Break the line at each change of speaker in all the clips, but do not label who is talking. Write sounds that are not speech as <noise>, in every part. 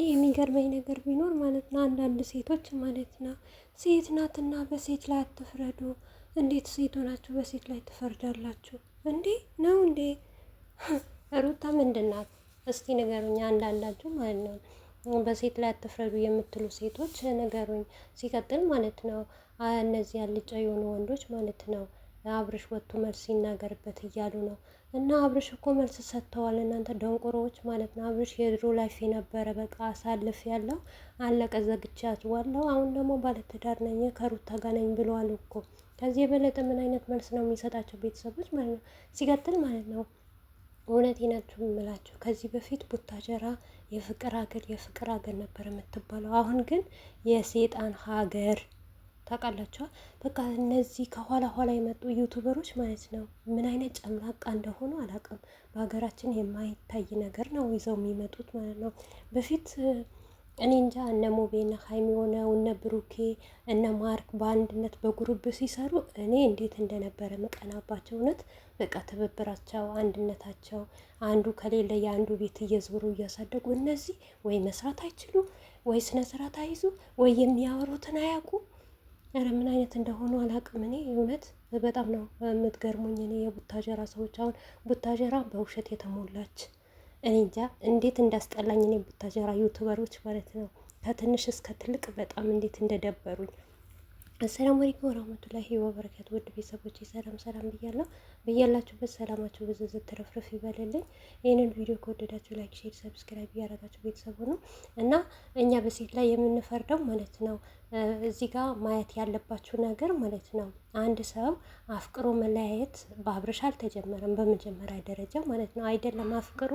እኔ የሚገርመኝ ነገር ቢኖር ማለት ነው አንዳንድ ሴቶች ማለት ነው ሴት ናትና በሴት ላይ አትፍረዱ። እንዴት ሴት ሆናችሁ በሴት ላይ ትፈርዳላችሁ እንዴ? ነው እንዴ? <laughs> ሩታ ምንድን ናት እስቲ ንገሩኝ። አንዳንዳችሁ ማለት ነው በሴት ላይ አትፍረዱ የምትሉ ሴቶች ንገሩኝ። ሲቀጥል ማለት ነው እነዚህ አልጫ የሆኑ ወንዶች ማለት ነው አብርሽ ወጥቶ መልስ ይናገርበት እያሉ ነው። እና አብርሽ እኮ መልስ ሰጥተዋል። እናንተ ደንቆሮዎች ማለት ነው። አብርሽ የድሮ ላይፍ የነበረ በቃ አሳልፍ ያለው አለቀ፣ ዘግቻት ዋለው። አሁን ደግሞ ባለትዳር ነኝ ከሩታ ጋር ነኝ ብለዋል እኮ። ከዚህ የበለጠ ምን አይነት መልስ ነው የሚሰጣቸው ቤተሰቦች ማለት ነው? ሲቀጥል ማለት ነው እውነት ይነቱ የምላቸው ከዚህ በፊት ቡታጀራ የፍቅር ሀገር የፍቅር ሀገር ነበር የምትባለው። አሁን ግን የሴጣን ሀገር ታውቃላችኋል። በቃ እነዚህ ከኋላ ኋላ የመጡ ዩቱበሮች ማለት ነው ምን አይነት ጨምላቃ እንደሆኑ አላውቅም። በሀገራችን የማይታይ ነገር ነው ይዘው የሚመጡት ማለት ነው። በፊት እኔ እንጃ እነ ሞቤና ሀይሚ ሆነው እነ ብሩኬ እነ ማርክ በአንድነት በጉሩብ ሲሰሩ እኔ እንዴት እንደነበረ መቀናባቸው እውነት በቃ ትብብራቸው፣ አንድነታቸው አንዱ ከሌለ የአንዱ ቤት እየዞሩ እያሳደጉ እነዚህ ወይ መስራት አይችሉ ወይ ስነ ስርዓት አይዙ ወይ የሚያወሩትን አያውቁ ኧረ ምን አይነት እንደሆኑ አላውቅም። እኔ እውነት በጣም ነው የምትገርሙኝ። እኔ የቡታጀራ ሰዎች አሁን ቡታጀራ በውሸት የተሞላች እኔ እንጃ እንዴት እንዳስጠላኝ እኔ ቡታጀራ ዩቱበሮች ማለት ነው ከትንሽ እስከ ትልቅ በጣም እንዴት እንደደበሩኝ አሰላሙ አለይኩም ወራህመቱላሂ ወበረካቱ ውድ ቤተሰቦች ሰላም ሰላም ብያለሁ። በያላችሁበት ሰላማችሁ ብዝዝት ትረፍርፍ ይበልልኝ። ይህንን ቪዲዮ ከወደዳችሁ ላይክ፣ ሼር፣ ሰብስክራይብ እያደረጋችሁ ቤተሰቡ ነው እና እኛ በሴት ላይ የምንፈርደው ማለት ነው እዚህ ጋር ማየት ያለባችሁ ነገር ማለት ነው አንድ ሰው አፍቅሮ መለያየት በአብርሽ አልተጀመረም፣ በመጀመሪያ ደረጃ ማለት ነው። አይደለም አፍቅሮ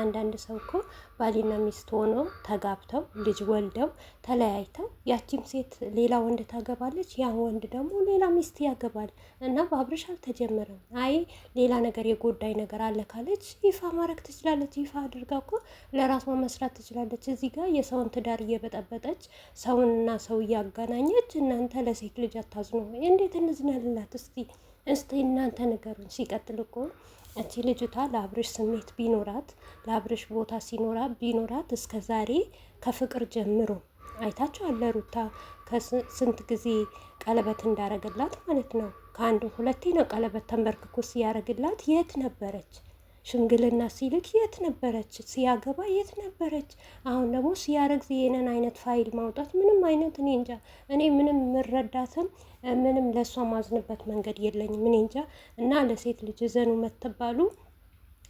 አንዳንድ ሰው እኮ ባሊና ሚስት ሆኖ ተጋብተው ልጅ ወልደው ተለያይተው ያቺም ሴት ሌላ ወንድ ታገባለች፣ ያ ወንድ ደግሞ ሌላ ሚስት ያገባል እና በአብርሽ አልተጀመረም። አይ ሌላ ነገር የጎዳይ ነገር አለ ካለች ይፋ ማድረግ ትችላለች። ይፋ አድርጋ እኮ ለራሷ መስራት ትችላለች። እዚህ ጋር የሰውን ትዳር እየበጠበጠች ሰውንና ሰው እያገናኘች እናንተ ለሴት ልጅ አታዝኑ እንዴት ያሳዝናልናት። እስቲ እስቲ እናንተ ነገሩን። ሲቀጥል እኮ እቺ ልጅቷ ለአብርሽ ስሜት ቢኖራት ለአብርሽ ቦታ ሲኖራት ቢኖራት እስከ ዛሬ ከፍቅር ጀምሮ አይታቸው አለ ሩታ ከስንት ጊዜ ቀለበት እንዳረገላት ማለት ነው። ከአንድ ሁለቴ ነው ቀለበት ተንበርክኮ ሲያረግላት የት ነበረች? ሽምግልና ሲልክ የት ነበረች? ሲያገባ የት ነበረች? አሁን ደግሞ ሲያረግዝ ይሄንን አይነት ፋይል ማውጣት ምንም አይነት እኔ እንጃ። እኔ ምንም የምረዳትም ምንም ለእሷ ማዝንበት መንገድ የለኝም። እኔ እንጃ እና ለሴት ልጅ ዘኑ መተባሉ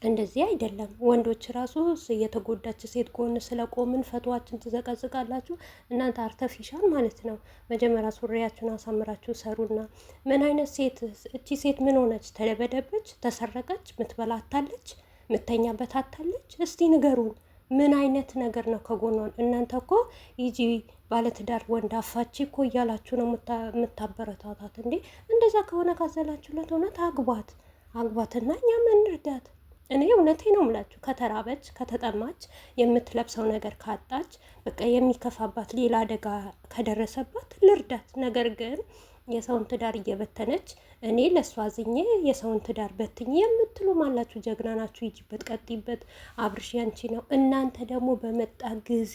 እንደዚህ አይደለም። ወንዶች ራሱ የተጎዳች ሴት ጎን ስለቆምን ፈቷችን ትዘቀዝቃላችሁ እናንተ አርተፊሻል ማለት ነው። መጀመሪያ ሱሪያችሁን አሳምራችሁ ሰሩና፣ ምን አይነት ሴት እቺ ሴት ምን ሆነች? ተደበደበች፣ ተሰረቀች፣ ምትበላታለች፣ ምተኛበት አታለች። እስቲ ንገሩን፣ ምን አይነት ነገር ነው ከጎኗን? እናንተ እኮ ይጂ ባለትዳር ወንድ አፋች እኮ እያላችሁ ነው የምታበረታታት እንዴ። እንደዛ ከሆነ ካዘላችሁለት እውነት አግባት፣ አግባትና እኛ መንርዳት እኔ እውነቴ ነው ምላችሁ፣ ከተራበች ከተጠማች የምትለብሰው ነገር ካጣች በቃ የሚከፋባት ሌላ አደጋ ከደረሰባት ልርዳት። ነገር ግን የሰውን ትዳር እየበተነች እኔ ለእሷ አዝኜ የሰውን ትዳር በትኝ የምትሉ ማላችሁ ጀግና ናችሁ። ይጅበት ቀጥይበት። አብርሽ ያንቺ ነው። እናንተ ደግሞ በመጣ ጊዜ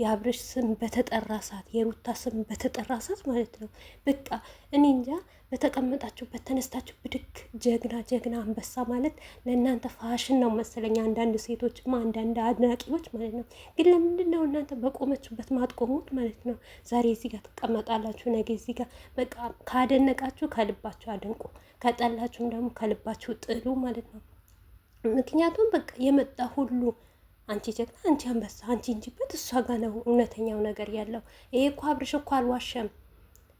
የአብርሽ ስም በተጠራ ሰዓት፣ የሩታ ስም በተጠራ ሰዓት ማለት ነው። በቃ እኔ እንጃ በተቀመጣችሁበት ተነስታችሁ ብድግ። ጀግና ጀግና አንበሳ ማለት ለእናንተ ፋሽን ነው መሰለኝ። አንዳንድ ሴቶችማ አንዳንድ አድናቂዎች ማለት ነው። ግን ለምንድን ነው እናንተ በቆመችሁበት ማትቆሙት ማለት ነው? ዛሬ እዚህ ጋር ትቀመጣላችሁ፣ ነገ እዚህ ጋር በቃ። ካደነቃችሁ ከልባችሁ አድንቁ፣ ከጠላችሁም ደግሞ ከልባችሁ ጥሉ ማለት ነው። ምክንያቱም በቃ የመጣ ሁሉ አንቺ ጀግና፣ አንቺ አንበሳ፣ አንቺ እንጂበት እሷ ጋ ነው እውነተኛው ነገር ያለው። ይሄ እኮ አብርሽ እኮ አልዋሸም።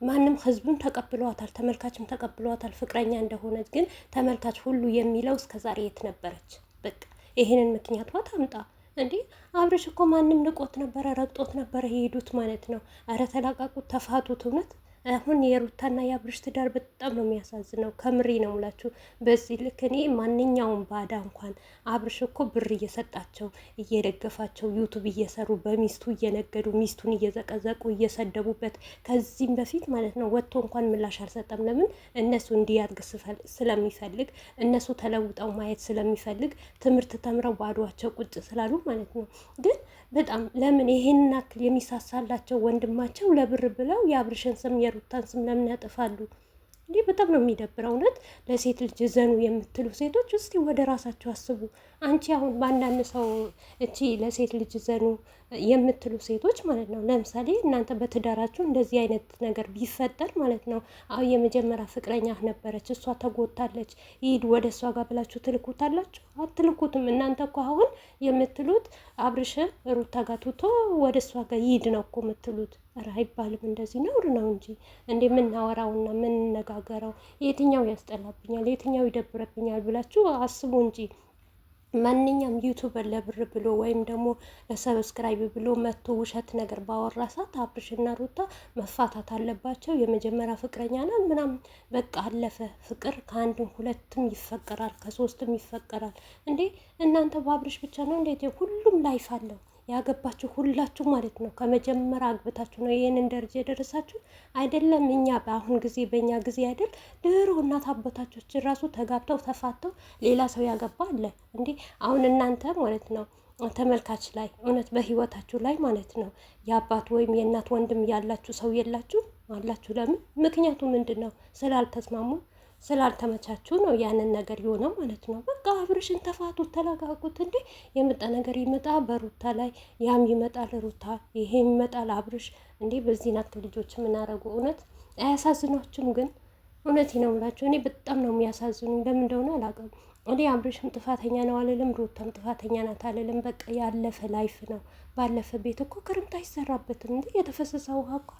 ማንም ህዝቡም ተቀብሏታል፣ ተመልካችም ተቀብሏታል ፍቅረኛ እንደሆነች። ግን ተመልካች ሁሉ የሚለው እስከዛሬ የት ነበረች? በቃ ይሄንን ምክንያቷ ታምጣ እንዴ። አብርሽ እኮ ማንም ንቆት ነበረ፣ ረግጦት ነበረ የሄዱት ማለት ነው። ኧረ ተላቃቁት፣ ተፋቱት እውነት አሁን የሩታና የአብርሽ ትዳር በጣም ነው የሚያሳዝነው። ከምሬ ነው ሙላችሁ። በዚህ ልክ እኔ ማንኛውም ባዳ እንኳን አብርሽ እኮ ብር እየሰጣቸው እየደገፋቸው ዩቱብ እየሰሩ በሚስቱ እየነገዱ ሚስቱን እየዘቀዘቁ እየሰደቡበት ከዚህም በፊት ማለት ነው ወጥቶ እንኳን ምላሽ አልሰጠም። ለምን እነሱ እንዲያድግ ስለሚፈልግ እነሱ ተለውጠው ማየት ስለሚፈልግ ትምህርት ተምረው ባዷቸው ቁጭ ስላሉ ማለት ነው። ግን በጣም ለምን ይሄንን አክል የሚሳሳላቸው ወንድማቸው ለብር ብለው የአብርሽን ስም የሩታን ስም ለምን ያጠፋሉ? እንዲህ በጣም ነው የሚደብረው። እውነት ለሴት ልጅ ዘኑ የምትሉ ሴቶች እስቲ ወደ ራሳቸው አስቡ። አንቺ አሁን በአንዳንድ ሰው እቺ ለሴት ልጅ ዘኑ የምትሉ ሴቶች ማለት ነው። ለምሳሌ እናንተ በትዳራችሁ እንደዚህ አይነት ነገር ቢፈጠር ማለት ነው አሁ የመጀመሪያ ፍቅረኛ ነበረች፣ እሷ ተጎታለች፣ ይሂድ ወደ እሷ ጋር ብላችሁ ትልኩታላችሁ? አትልኩትም። እናንተ እኮ አሁን የምትሉት አብርሽ ሩታ ጋር ትቶ ወደ እሷ ጋር ይሂድ ነው እኮ የምትሉት። ኧረ አይባልም እንደዚህ ነውር ነው እንጂ እንደ የምናወራውና የምንነጋገረው የትኛው ያስጠላብኛል፣ የትኛው ይደብረብኛል ብላችሁ አስቡ እንጂ ማንኛውም ዩቱበር ለብር ብሎ ወይም ደግሞ ለሰብስክራይብ ብሎ መቶ ውሸት ነገር ባወራ ሰዓት አብርሽና ሩታ መፋታት አለባቸው። የመጀመሪያ ፍቅረኛ ናት ምናምን በቃ አለፈ። ፍቅር ከአንድም ሁለትም ይፈቀራል፣ ከሶስትም ይፈቀራል። እንዴ እናንተ በአብርሽ ብቻ ነው እንዴት? ሁሉም ላይፍ አለው ያገባችሁ ሁላችሁ ማለት ነው። ከመጀመሪያ አግብታችሁ ነው ይህንን ደረጃ የደረሳችሁ አይደለም። እኛ በአሁን ጊዜ በእኛ ጊዜ አይደል ድሮ እናት አባቶቻችን ራሱ ተጋብተው ተፋተው ሌላ ሰው ያገባ አለ እንዴ። አሁን እናንተ ማለት ነው ተመልካች ላይ እውነት በህይወታችሁ ላይ ማለት ነው የአባት ወይም የእናት ወንድም ያላችሁ ሰው የላችሁ አላችሁ። ለምን? ምክንያቱ ምንድን ነው? ስላልተስማሙ ስላልተመቻችሁ ነው ያንን ነገር የሆነው ማለት ነው። በቃ አብርሽን ተፋቱ፣ ተለጋጉት። እንዴ የመጣ ነገር ይመጣ በሩታ ላይ ያም ይመጣል፣ ሩታ ይሄ ይመጣል፣ አብርሽ እንዴ በዚህ ናት ልጆች የምናረጉ። እውነት አያሳዝኗችሁም? ግን እውነት ነው የምላችሁ እኔ በጣም ነው የሚያሳዝኑ። ለምን እንደሆነ አላውቅም። እኔ አብርሽም ጥፋተኛ ነው አልልም፣ ሩታም ጥፋተኛ ናት አልልም። በቃ ያለፈ ላይፍ ነው። ባለፈ ቤት እኮ ክርምት አይሰራበትም እንዴ! የተፈሰሰ ውሃ እኮ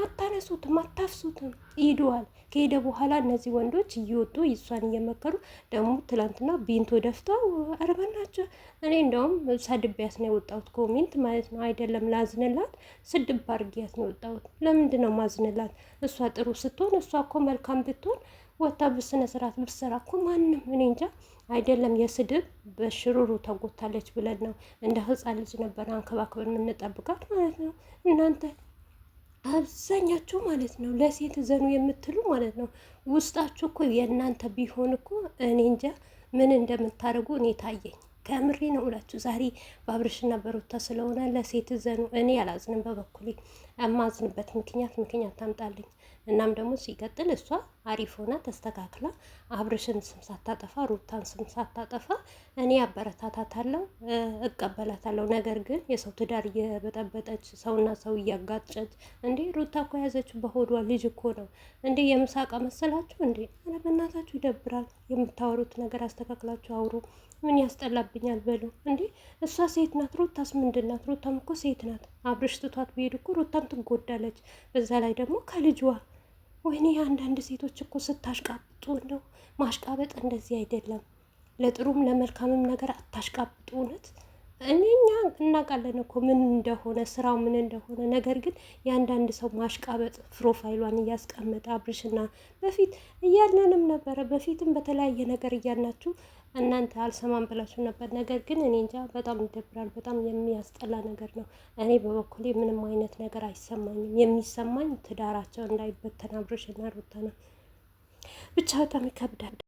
አታነሱትም፣ አታፍሱትም። ይሄደዋል። ከሄደ በኋላ እነዚህ ወንዶች እየወጡ እሷን እየመከሩ ደግሞ ትላንትና ቢንቶ ደፍተው አርበናቸው። እኔ እንደውም ሰድቢያት ነው የወጣሁት ኮሜንት ማለት ነው። አይደለም ላዝንላት፣ ስድብ አድርጊያት ነው የወጣሁት። ለምንድን ነው ማዝንላት? እሷ ጥሩ ስትሆን፣ እሷ እኮ መልካም ብትሆን ወታ ብስነ ስርዓት ብትሰራ እኮ ማንም እኔ እንጃ አይደለም የስድብ በሽሩሩ ተጎታለች ብለን ነው እንደ ህፃን ልጅ ነበር አንከባክበን የምንጠብቃት ማለት ነው። እናንተ አብዛኛችሁ ማለት ነው ለሴት ዘኑ የምትሉ ማለት ነው ውስጣችሁ እኮ የእናንተ ቢሆን እኮ እኔ እንጃ ምን እንደምታደርጉ እኔ ታየኝ። ከምሬ ነው እላችሁ ዛሬ በአብርሽና በሩታ ስለሆነ ለሴት ዘኑ እኔ አላዝንም በበኩሌ የማዝንበት ምክንያት ምክንያት ታምጣልኝ። እናም ደግሞ ሲቀጥል እሷ አሪፍ ሆና ተስተካክላ አብርሽን ስም ሳታጠፋ ሩታን ስም ሳታጠፋ እኔ አበረታታታለሁ፣ እቀበላታለሁ። ነገር ግን የሰው ትዳር እየበጠበጠች ሰውና ሰው እያጋጨች እንዴ! ሩታ እኮ የያዘችው በሆዷ ልጅ እኮ ነው እንዴ! የምሳቃ መሰላችሁ እንዴ? ኧረ በእናታችሁ ይደብራል። የምታወሩት ነገር አስተካክላችሁ አውሩ። ምን ያስጠላብኛል በሉ እንዴ! እሷ ሴት ናት። ሩታስ ምንድን ናት? ሩታም እኮ ሴት ናት። አብርሽ ትቷት ቢሄድ እኮ ሩታ በጣም ትጎዳለች። በዛ ላይ ደግሞ ከልጇ ወይኔ አንዳንድ ሴቶች እኮ ስታሽቃብጡ ነው ማሽቃበጥ እንደዚህ አይደለም። ለጥሩም ለመልካምም ነገር አታሽቃብጡ እውነት እኔኛ እናውቃለን እኮ ምን እንደሆነ ስራው ምን እንደሆነ። ነገር ግን የአንዳንድ ሰው ማሽቃበጥ ፕሮፋይሏን እያስቀመጠ አብርሽና በፊት እያልነንም ነበረ። በፊትም በተለያየ ነገር እያልናችሁ እናንተ አልሰማም ብላችሁ ነበር። ነገር ግን እኔ እንጃ በጣም ይደብራል። በጣም የሚያስጠላ ነገር ነው። እኔ በበኩሌ ምንም አይነት ነገር አይሰማኝም። የሚሰማኝ ትዳራቸው እንዳይበተን አብርሽና ሩታ ነው። ብቻ በጣም ይከብዳል።